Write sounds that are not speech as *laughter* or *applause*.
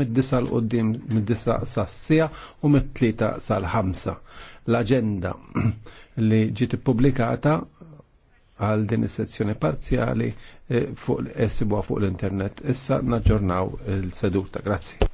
mid-disa l-qoddim, mid-disa sassija u mid-tlita sal-ħamsa. L-agenda *clears throat* li ġiet publikata għal din is-sezzjoni parzjali eh, fuq esibuha fuq l-internet. Issa naġġornaw il-seduta. Grazzi.